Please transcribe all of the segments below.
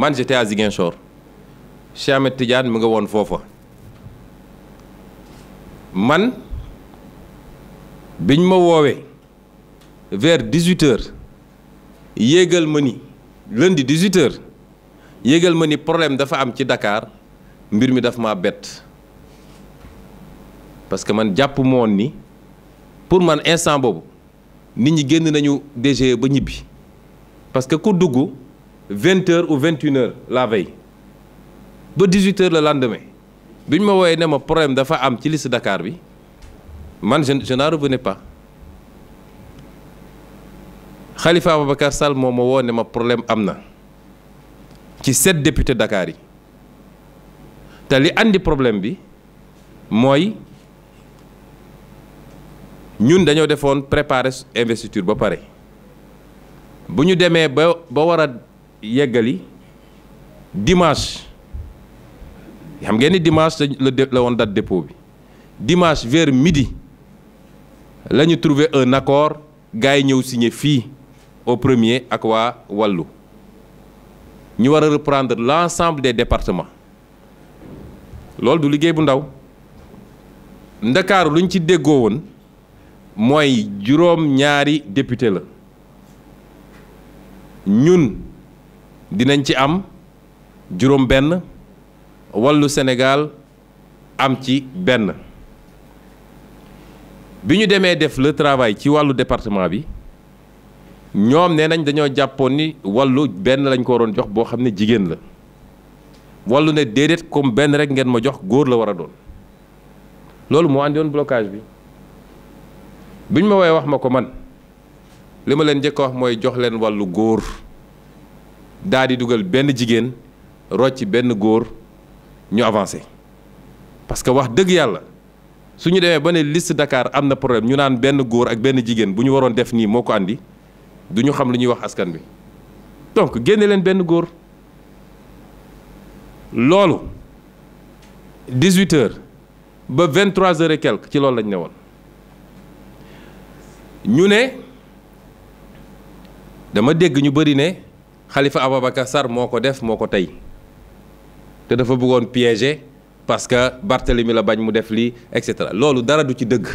man j'étais à Ziguinchor Cheikh Ahmed Tidiane mu nga woon foofa man biñ ma woowee vers 18 yéegal ma ni lundi 18 yéegal ma ni problème dafa am ci Dakar mbir mi dafa ma bett parce que man jàpp moon ni pour man instant boobu nit ñi génn nañu DG e ba ñibbi parce ku dugg vingt heures ou vingt une heures la veille ba dix huit heures le lendemain bi ñu ma wooyee ne ma problème dafa am ci liste dakaar bi man je je n'en revenais pas Khalifa Ababacar Sall moo ma woo ne ma problème am na ci sept députés Dakar yi te li andi problème bi mooy ñun dañoo defoon préparer investiture ba pare bu ñu demee ba ba war yeggali dimanche xam ngeen ni dimanche la la woon date dépôt bi dimanche vers midi lañu ñu trouvé un accord gars yi ñëw signé fii au premier ak waa wallu ñu war a reprendre l'ensemble des départements loolu du liggéey bu ndaw ndakaaru luñ ci déggoo woon mooy juróom ñaari député la ñun dinañ ci am juróom benn wàllu Sénégal am ci benn bi ñu demee def le travail ci wàllu département bi ñoom nee nañ dañoo jàppoon ni wàllu benn lañ ko waroon jox boo xam ne jigéen la wàllu ne déedéet comme benn rek ngeen ma jox góor la war a doon loolu moo àndi woon blocage bi bi ñu ma woowee wax ma ko man li ma leen njëkk a wax mooy jox leen wàllu góor daa di dugal benn jigéen rocc benn góor ñu avancé parce que wax dëgg yàlla su ñu demee ba ne list Dakar am na problème ñu naan benn góor ak benn jigéen bu ñu waroon def nii moo ko andi du ñu xam lu ñuy wax askan bi donc génne leen benn góor loolu 18 heures ba 23 heures et quelque ci loolu lañu ne woon ñu ne dama dégg ñu bëri ne. xalifa Ababacar sar moo ko def moo ko tey te dafa bëggoon piéger parce que Barthélemy la bañ mu def lii et cetera loolu dara du ci dëgg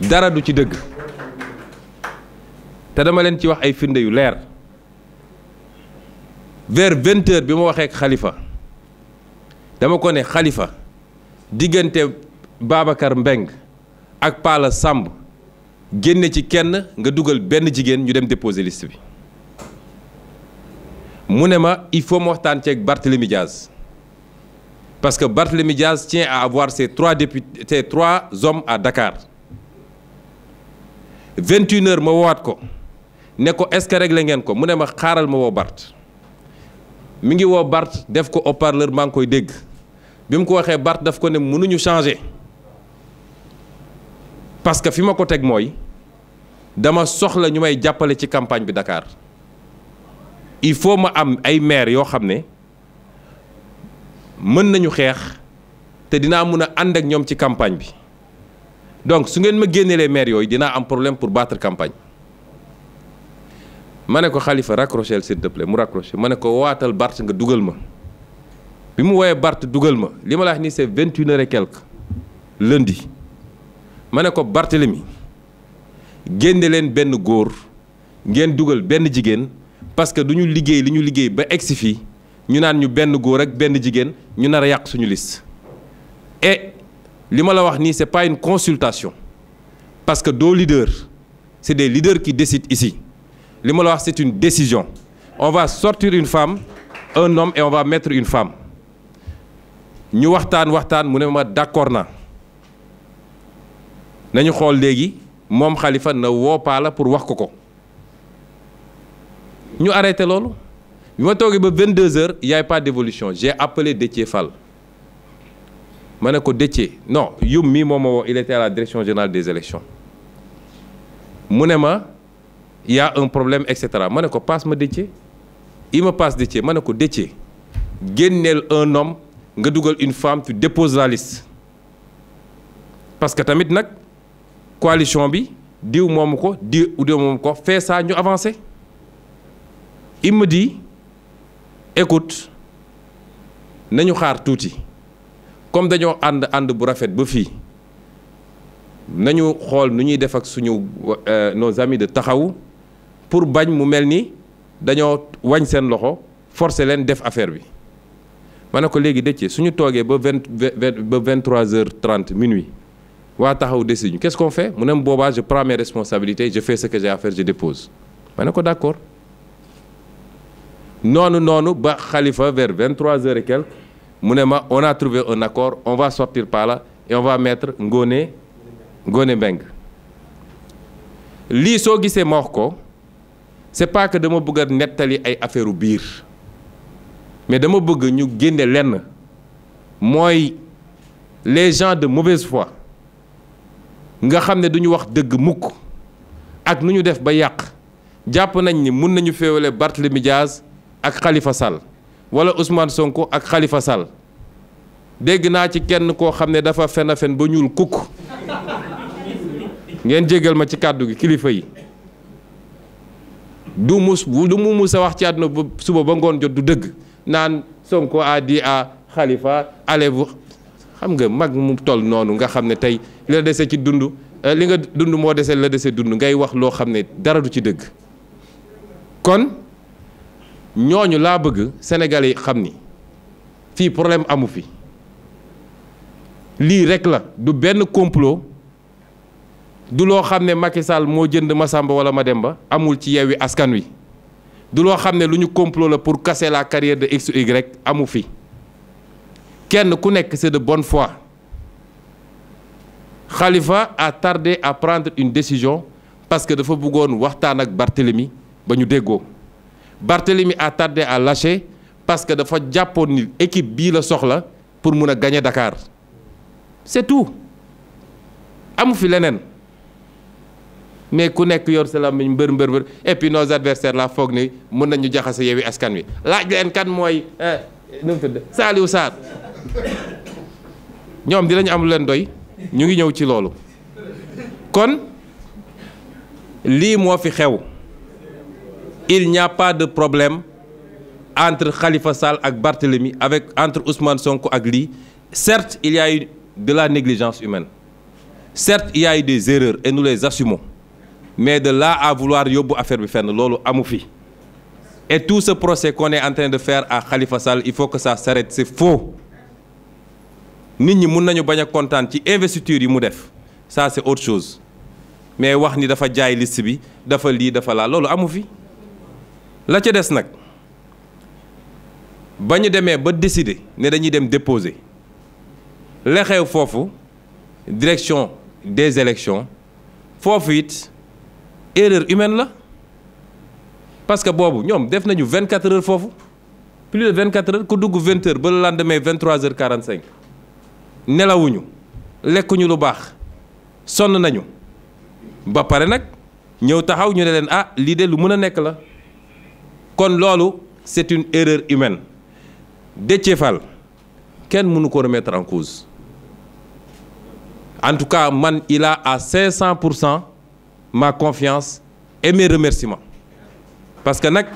dara du ci dëgg te dama leen ci wax ay firnde yu leer vers vingt bi ma waxee ak Khalifa dama ko ne xalifa diggante Babacar Mbeng ak Pala sàmb génne ci kenn nga dugal benn jigéen ñu dem déposer liste bi mu ne ma il faut ma waxtaan ceeg Barthélemy Diaz parce que Barthélemy Diaz tient à avoir ses trois députés ses trois hommes à Dakar 21 ma woowaat ko ne ko est-ce ngeen ko mu ne ma xaaral ma woo barte mu ngi woo Bart def ko haut-parleur maa ngi koy dégg bi mu ko waxee Bart daf ko ne mënuñu changer parce que fi ma ko teg mooy dama soxla ñu may jàppale ci campagne bi Dakar. il faut ma am ay maire yoo xam ne mën nañu xeex te dinaa mën a ànd ak ñoom ci campagne bi donc su ngeen ma génneelee maire yooyu dinaa am problème pour battre campagne ma ne ko xalifa raccrochel s'il te mu raccroché ma ne ko waatal Bart nga dugal ma bi mu woowee Bart dugal ma li ma la wax nii c'est vingt une heures et quelque ma ne ko Barthélemy génne leen benn góor ngeen dugal benn jigéen parce que du ñu liggéey li ñu liggéey ba egsi fii ñu naan ñu benn góor ak benn jigéen ñu nar a yàq suñu lis et li ma la wax nii c'est pas une consultation parce que doo leader c'est des leaders qui décident ici li ma la wax c'est une décision on va sortir une femme un homme et on va mettre une femme ñu waxtaan waxtaan mu ne ma d'accord na nañu xool léegi moom Khalifa na woo Palla pour wax ko ko ñu arrêté loolu bi ma toogee ba 22 heures y' a pas d' évolution j'ai appelé Déthié Fall ma ne ko Déthié non yum mii moom ma woo il était à la direction générale mu ne ma y' un problème et cetera ma ne ko passe ma Déthié il me passe Déthié ma ne ko Déthié génneel un homme nga dugal une femme tu déposes la liste parce que tamit nag coalition bi diw moom ko diw diw moom ko fee saa ñu avancé. il me dit écoute nañu xaar tuuti comme dañoo ànd ànd bu rafet ba fii nañu xool ni ñuy def ak suñu euh, nos amis de taxaw pour bañ mu mel ni dañoo wañ seen loxo force leen def affaire bi ma ne ko léegi dëcce suñu toogee ba vingt ba vingt trois heures trente minuit waa taxaw décision qu'est-ce fait mu ne boobaa je prends mes responsabilités je fais ce que j'ai à je dépose ma ne ko d'accord noonu noonu ba xalifa vers 23 heures et quelques mu ne ma on a trouvé un accord on va sortir par là et on va mettre Ngoné Ngoné Mbengue lii soo gisee ma wax ko c'est pas que dama bëgg a nettali ay affaire biir mais dama bëgg ñu génne lenn mooy les gens de mauvaise fois nga xam ne duñu wax dëgg mukk ak nu ñu def ba yàq jàpp nañ ni mun nañu féewale Barthélemy Diaz ak xalifa Sall wala Ousmane Sonko ak Khalifa Sall dégg naa ci kenn koo xam ne dafa fen a fen ba ñuul kukk ngeen jégal ma ci kàddu gi kilifa yi du mus du mu mus a wax ci àdduna suba ba ngoon jot du dëgg naan Sonko a di a Khalifa allez vous xam nga mag mu toll noonu nga xam ne tey li la dese ci dund euh, li nga dund moo dese la dese dund ngay wax loo xam ne dara du ci dëgg kon. ñooñu laa bëgg sénégalais xam ni fii problème amu fi lii rek la du benn complot du loo xam ne Macky moo jënd ma Massamba wala ba amul ci Yewwi Askan Wi du loo xam ne lu ñu complot la pour casser la carrière de X ou Y amu fi kenn ku nekk c'est de bonne foi Khalifa a tardé à prendre une décision parce que dafa bëggoon waxtaan ak Barthélemy ba ñu déggoo Barthélemy a tardé à lâcher parce que dafa jàppoon ni équipe bii la soxla pour mun a gagner Dakar c'est tout amu fi leneen mais ku nekk yor sa làmmiñ mbër mbër mbër et puis nos adversaires la foog ni mën nañu jaxase Yewwi Askan Wi laaj leen kan mooy eh, nu mu ñoom dinañu am leen doy ñu ngi ñëw ci loolu kon lii moo fi xew il nia a pas de problème entre xalifa Sall ak Barthélemy avec entre Ousmane sonk ak lii certes il y de la négligence humaine certes il y a eu des erreurs et nous les assumons mais de la à vouloir yóbbu affaire bi fenn loolu amu fi et tout ce procès qu'on est de faire à Khalifa Sall il faut que ça s'arrête c'est faux nit ñi mun nañu bañ a kontaan ci investiture yi mu def ça c'est autre chose mais wax ni dafa jaay list bi dafa lii dafa laa loolu amu fi la ca des nag ba ñu demee ba décider ne dañuy dem déposé la xew foofu direction des élections foofu it erreur humaine la parce que boobu ñoom def nañu 24 heures foofu plus de 24 heures ku dugg 20 heures ba le lendemain 23 heures 45 nelawuñu lekkuñu lu baax sonn nañu ba pare nag ñëw taxaw ñu ne leen ah lii de lu mën a nekk la. kon loolu c'est une erreur humaine Déthié Fall kenn mënu ko remettre en cause en tout cas man il a à 500 pour cent ma confiance et mes parce que nag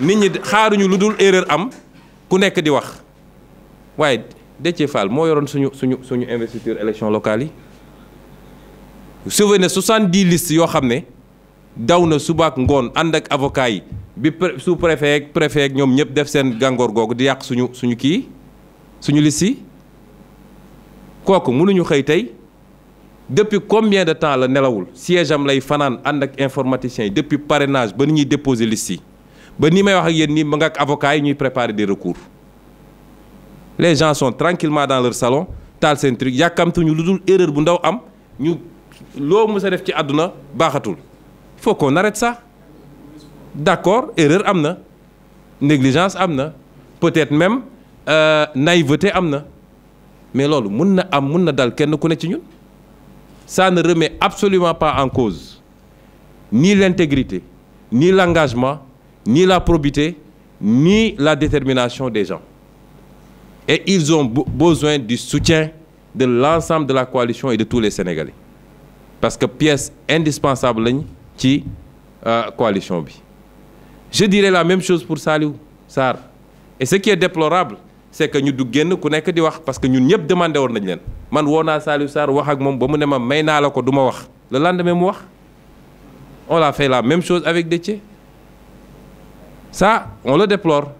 nit ñi xaaruñu lu dul erreur am ku nekk di wax waaye Déthié Fall moo yoroon suñu suñu suñu investiture élection locale yi souvenez 70 listes yoo xam ne daw na subaak ngoon ànd ak avocat yi bi sous préfet ak préfet ak ñoom ñëpp def seen gàngoor googu di yàq suñu suñu kii suñu liste yi kooku mënuñu xëy tey depuis combien de temps la nelawul siège lay fanaan ànd ak informaticien yi depuis parrainage ba ni ñuy déposer liste yi ba ni may wax ak yéen nii ma nga ak avocat yi ñuy préparer de recours les gens sont tranquillement dans leur salon taal seen yàkkamtu ñu lu dul erreur bu ndaw am ñu loo mës a def ci àdduna baaxatul il faut qu'on d'accord erreur am na négligence am na peut-être même euh, naïveté am na mais loolu mun na am mun na dal kenn ku ne ci ñun ça ne remet absolument pas en cause ni l'intégrité ni l'engagement ni la probité ni la détermination des gens et ils ont besoin du soutien de l'ensemble de la coalition et de tous les Sénégalais parce que pièce indispensable lañ ci euh, coalition bi je dirais la même chose pour Saliou Sarr et ce qui est déplorable c'est que ñu du génn ku nekk di wax parce que ñun ñëpp demandé woon nañ leen man woo naa Saliou Sarr wax ak moom ba mu ne ma may naa la ko du ma wax le lendemain mu wax on a fait la même chose avec Déthié ça on le déplore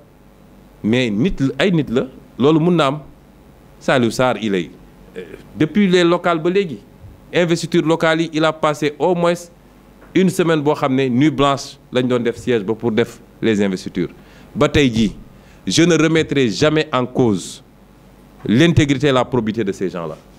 mais nit ay nit la loolu mun na am Saliou Sarr il est euh, depuis les locales ba léegi investiture locale yi il a passé au moins une semaine boo xam ne nuit blanche lañ doon def siège ba pour def les investitures ba tey jii je ne remettrai jamais en cause l'intégrité et la probité de ces gens-là